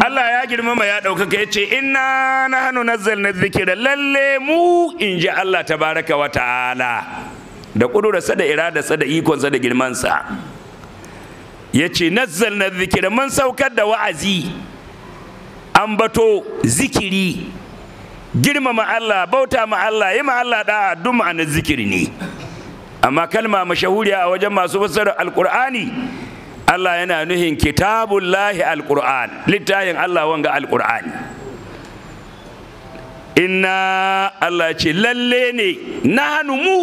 Allah ya girmama ya ɗaukaka ya ce inna na hannu nazzalna zikira lalle mu in ji Allah tabaraka wa ta'ala da ƙudurarsa da iradarsa da ikonsa da girmansa ya ce nazzalna zikira mun saukar da wa'azi an bato zikiri girmama Allah bauta ma Allah yi ma Allah da duk ma'anar zikiri ne amma kalma mashahuriya a wajen masu fassara alkur'ani Allah yana nuhin kitabullahi alquran littafin Allah wanga alqur'ani inna Allah ce lalle ne hannu mu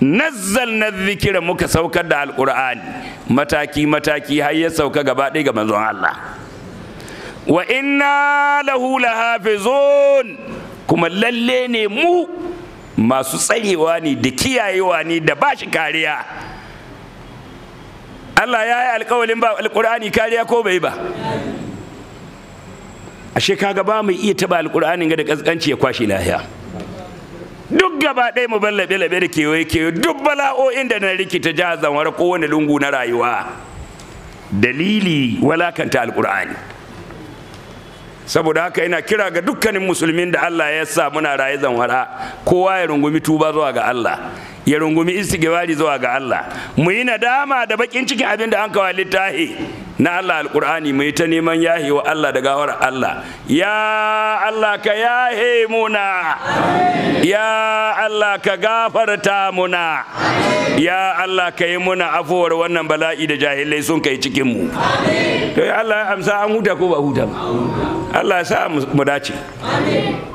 nazzalna dhikra muka saukar da alqur'ani mataki mataki har ya sauka gaba ɗaya ga manzon Allah wa inna lahu lahafizun kuma lalle ne mu masu tsayewa ne da kiyayewa ne da bashi kariya Allah ya yi alkawalin ba alkur'ani kariya ko bai ba ashe kaga ba mai iya taba Alƙur'ani ga da kaskanci ya kwashi lahiya duk gaba ɗaya mu ballabe labe da kewaye kewaye duk bala'o'in da na rikita jihar ko kowane lungu na rayuwa dalili walakanta alkur'ani saboda haka yana kira ga dukkanin musulmin da Allah ya sa muna raye zanwara kowa ya rungumi tuba zuwa ga Allah ya rungumi istighfari zuwa ga Allah mu yi nadama da bakin cikin abin da an kawo littahi na Allah alqur'ani mu yi ta neman yahi wa Allah da gawar Allah ya Allah ka yahe muna ya Allah ka gafarta muna ya Allah ka yi muna afuwar wannan bala'i da jahilai sun kai cikin mu to Allah amsa an huta ko ba huta ba Allah ya sa mu dace amin